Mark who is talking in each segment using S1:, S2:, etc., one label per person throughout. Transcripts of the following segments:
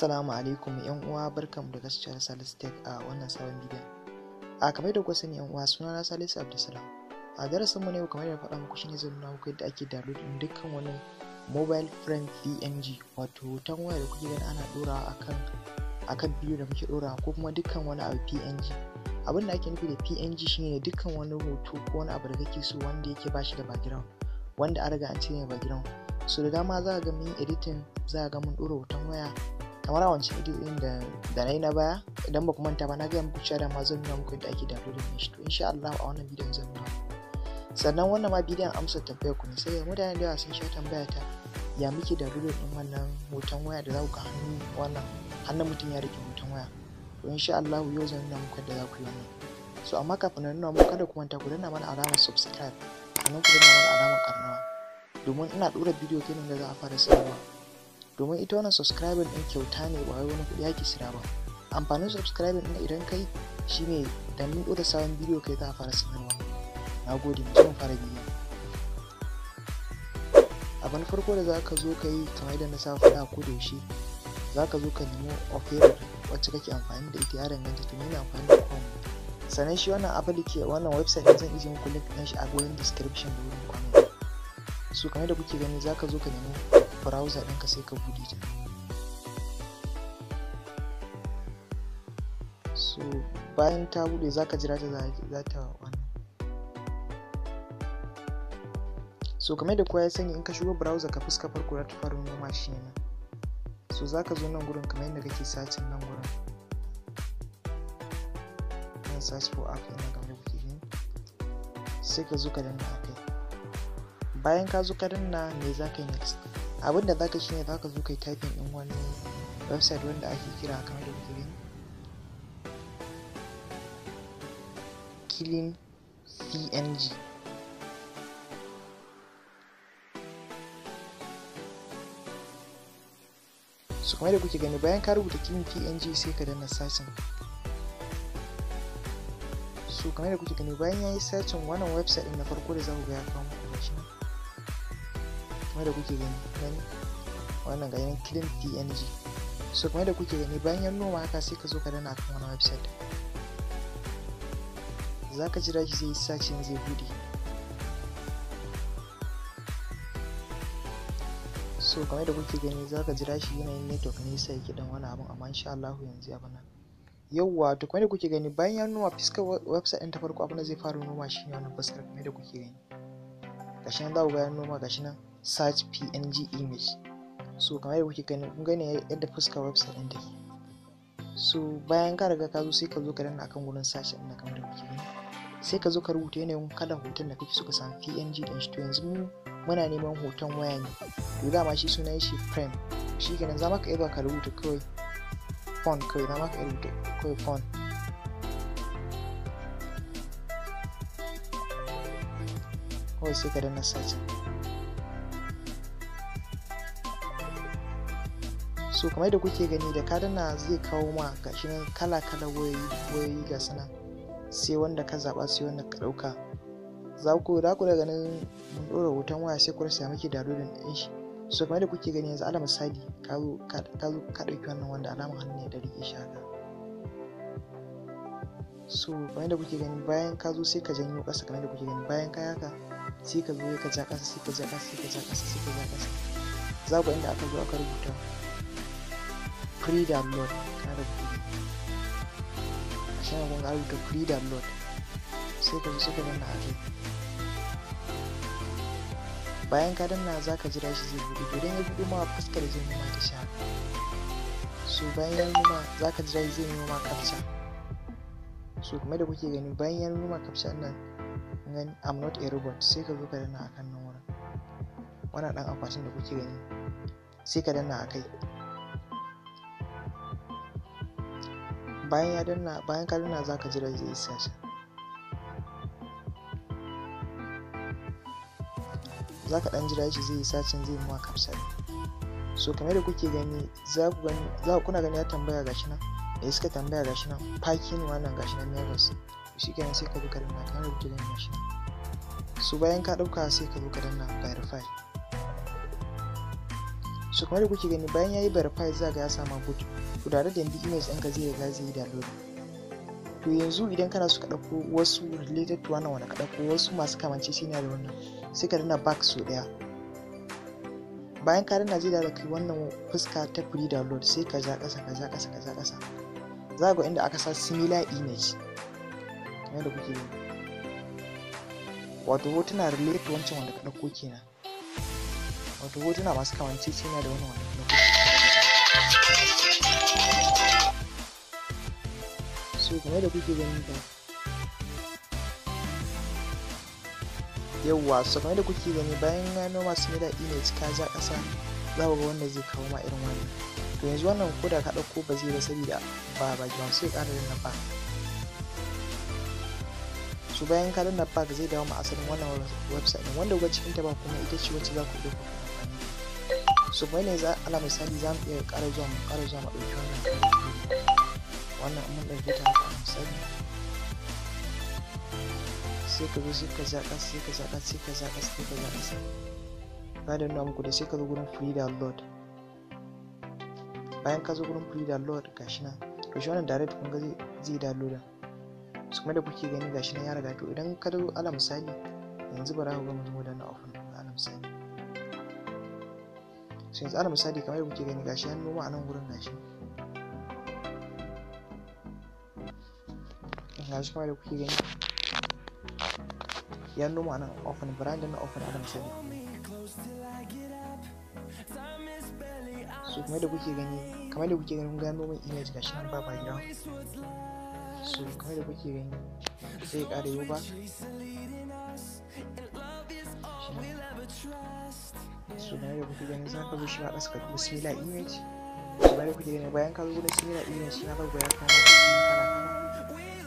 S1: Assalamu alaikum yan uwa barkam da gaskiyar Salis Tech a wannan sabon bidiyon. A kamar da kuka yan uwa suna na Salisu Abdulsalam. A darasin mu ne kamar da faɗa muku shine zan nuna muku yadda ake download din dukkan wani mobile friend PNG wato hoton waya da kuke gani ana dorawa akan akan bidiyo da muke dora ko kuma dukkan wani abu PNG. Abin da ake nufi da PNG shine dukkan wani hoto ko wani abu da kake so wanda yake bashi da background wanda an riga an cire background. So da dama za ga mun editing za ga mun dora hoton waya kamar a wancan video din da da nayi na baya idan ba ku manta ba na ga muku cewa ma zan nuna muku yadda ake downloading din shi to insha Allah a wannan bidiyon zan nuna sannan wannan ma bidiyon amsa tambayar ku ne sai ya mutane da yawa sun sha tambaya ta ya muke downloading din wannan hoton waya da za ku ga hannu wannan hannun mutum ya rike hoton waya to insha Allah yau zan nuna muku yadda za ku yi wannan so amma kafin na nuna muku kada ku manta ku danna mana alamar subscribe sannan ku danna mana alamar karnawa domin ina dora bidiyo kenan da za a fara sanarwa domin ita wannan subscribe din kyauta ne ba wani kuɗi ake sira ba amfanin subscribe din idan kai shine da mun da sabon bidiyo kai za a fara sanarwa na gode mutum fara bidiyo abu na farko da za ka zo ka yi kamar yadda na sa faɗa ko da yaushe za ka zo ka nemo operar wacce kake amfani da ita ya danganta to yana amfani da kowane sannan shi wannan application wannan website ɗin zan iji muku link ɗin shi a gurin description da wurin comment su kamar da kuke gani za ka zo ka nemo browser ɗinka sai ka buɗe ta so bayan ta buɗe za ka jira ta za ta wannan so kamar da kowa ya sani in ka shigo browser ka fuska farko za ta fara noma shi ne so za ka zo nan gurin kamar yadda kake sacin nan gurin nan search for app ina kamar kuke gani sai ka zo ka danna akai bayan ka zo ka danna me za ka yi next abin da zaka shine zaka zo kai typing din wani website wanda ake kira kamar da kuke gani killing cng su kamar da kuke gani bayan ka rubuta killing png sai ka danna sashen su kamar da kuke gani bayan ya yi wannan website din na farko da za ku ga ya kawo muku gashi kamar da kuke gani gani wannan ga yan clean png so kamar da kuke gani bayan yan noma haka sai ka zo ka dana akan wani website za ka jira shi zai sacin zai bude so kamar da kuke gani za ka jira shi yanayin network ne sai yake dan wani abun amma insha Allah yanzu ya bana yauwa to kamar da kuke gani bayan ya noma fiskar website ɗin ta farko abin da zai fara noma shi ne wannan fuskar kamar da kuke gani gashi nan za ku ga yan noma gashi nan search png image so kamar yadda kuke gani kun gane yadda fuska website din take so bayan ka riga ka zo sai ka zo ka danna akan gurin search din kamar yadda kuke gani sai ka zo ka rubuta yanayin kalan hoton da kake so ka samu png din shi to yanzu mu muna neman hoton waya ne to dama shi sunan shi frame shi kenan za maka iya ka rubuta kawai font kawai za maka rubuta kawai font kawai sai ka danna search so kamar da kuke gani da kadana zai kawo ma gashi nan kala kala wayoyi wayoyi ga sana sai wanda ka zaɓa sai wanda ka ɗauka za ku da ku daga nan mun dora hoton waya sai ku rasa miki downloading din shi so kamar da kuke gani yanzu alama sadi ka zo ka ɗauki wannan wanda alama hannu ne da rike shi haka so kamar da kuke gani bayan ka zo sai ka janyo ƙasa kamar da kuke gani bayan ka haka sai ka zo ka ja ƙasa sai ka ja sai ka ja ƙasa sai ka ja ƙasa za ku inda aka zo aka rubuta freedom note ka rubuta a shagon ka rubuta freedom note sai ka zo sai ka danna a kai bayan ka danna za ka jira shi zai buɗe idan ya buɗe ma fuskar zai noma ta sha so bayan ya noma za ka jira shi zai noma kafsha so kuma da kuke gani bayan ya noma kafsha nan gani i'm not a robot sai ka zo ka danna akan nan wurin wannan dan akwatin da kuke gani sai ka danna akai bayan ya danna bayan ka danna za ka jira zai sace za ka dan jira shi zai yi sacin zai muwa kapsa so kamar da kuke gani za ku gani za ku kuna gani ya tambaya gashi nan me suka tambaya gashi nan faki ne wannan gashi nan nervous shi kenan sai ka bi ka danna da rubuta da gashi so bayan ka ɗauka sai ka zo ka danna verify so kamar da kuke gani bayan ya yi verify za ga ya samu boot to tare da yanzu image ɗinka zai riga zai yi downloading to yanzu idan kana suka ka ɗauko wasu related to wannan wani ka ɗauko wasu masu kamance shi da wannan sai ka dana back so ɗaya bayan ka dana zai da kai wannan fuska ta free download sai ka ja ƙasa ka ja ƙasa ka ja ƙasa za ga inda aka sa similar image kamar da kuke gani wato hotuna related to wancan wanda ka ɗauko kenan wato hotuna masu kamance shi da wannan wanda ka ɗauko so game da kuke gani ba yawwa so kamar da kuke gani bayan ya noma su ne daɗi ne cika ja ƙasa za ku ga wanda zai kawo ma irin wani to yanzu wannan ko da ka ɗauko ba zai ba saboda ba ba ki sai ƙara danna ba su bayan ka danna ba zai dawo ma asalin wannan website wanda kuka cikin ta ba kuma ita ce wacce za ku ɗauko so ne za ala misali za mu iya kara zuwa mu ƙara zuwa mu ɗauki wannan wannan mun ɗauke ta haka misali sai ka zo sai ka zaƙa sai ka zaƙa sai ka zaƙa sai ka zaƙa ba da nuna muku da sai ka zo gurin free download bayan ka zo gurin free download gashi nan to shi wannan direct kun ga zai download su kuma da kuke gani gashi na ya riga to idan ka zo ala misali yanzu bara ku ga mu zo da na ofin ala misali sai tsara misali kamar yadda kuke gani gashi an noma a nan gurin gashi gashi kamar yadda kuke gani ya noma a nan ofin brandon na ofin adam sani so kamar yadda kuke gani kamar yadda kuke gani gano mai image gashi nan ba background so kamar yadda kuke gani zai ƙara yoba shi so na kuke ganin za ka zo shi ma ka image kuke bayan ka zo image shi ma ka da kuma yi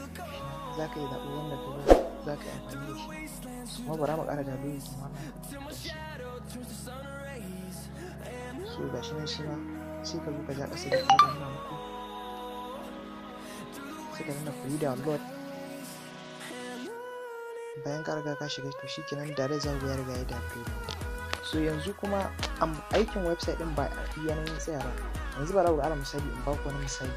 S1: zaɓi wanda ka yi amfani da shi kuma bara mu ƙara da so ga shi nan shi ma sai ka zo ka ja ƙasa da ka muku sai ka nuna download bayan ka riga ka shiga to da riga ya dafe so yanzu kuma aikin website din ba yanayin tsaya ba yanzu ba za ala misali in baku wani misali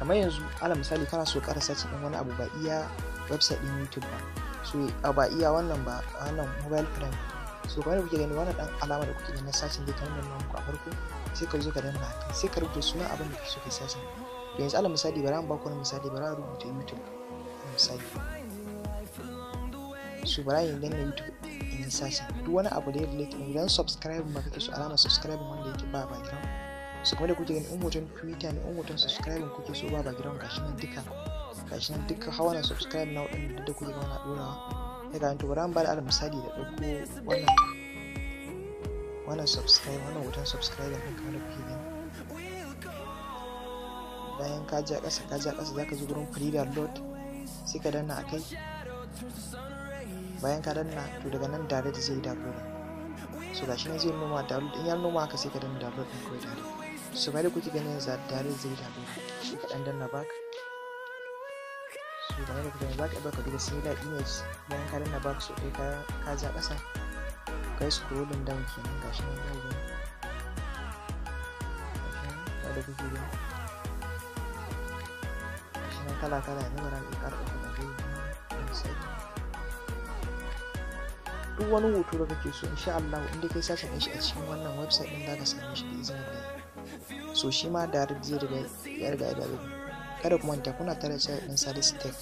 S1: kamar yanzu ala misali kana so ƙara sace din wani abu ba iya website din youtube ba so a ba iya wannan ba wannan mobile prime so kamar kuke gani wannan dan alama da kuke gani sacin da kamar nan ku a farko sai ka zo ka danna hakan sai ka rubuta sunan abin da kake so ka sace to yanzu ala misali ba mu baku wani misali ba ran rubuta youtube misali su bara yin danna youtube in sashen duk wani abu da ya relate in gidan subscribe ma kake su alama subscribe wanda yake ba background su kuma da kuke gani in hoton twitter ne in hoton subscribe kuke so ba background gashi nan duka gashi nan duka hawa na subscribe na waɗanda da kuke gani na ɗorawa ya ga to bari an ba da misali da ɗauko wannan wannan subscribe wannan hoton subscribe ɗin kamar da kuke gani bayan ka je a ƙasa ka je a ƙasa za ka zo gurin free download sai ka danna a kai bayan ka danna to daga nan da zai dawo da so gashi ne zai noma download in ya noma ka sai ka danna dawo din kawai direct so bayan da kuke ganin za dare zai dawo download shi ka dan danna back so bayan da kuke ba ka ɗauka daga da image bayan ka danna back so kai ka ja ƙasa ka yi scrolling down kenan gashi ne nan ga da kuke kala kala ne ba na ƙarfafa da zai yi duk wani hoto da kake so insha Allah inda kai sashen shi a cikin wannan website din zaka same shi da izinin da so shi ma da zai riga ya riga ya dawo kada ku manta kuna tare da din salisu Tech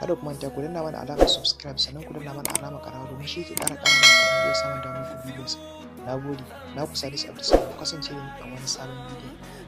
S1: kada ku manta ku danna mana alamar subscribe sannan ku danna mana alamar karawa domin shi ke kara kara mana bidiyo sama da muku videos na gode na ku Salis Abdulsalam kasance da mu a wani sabon video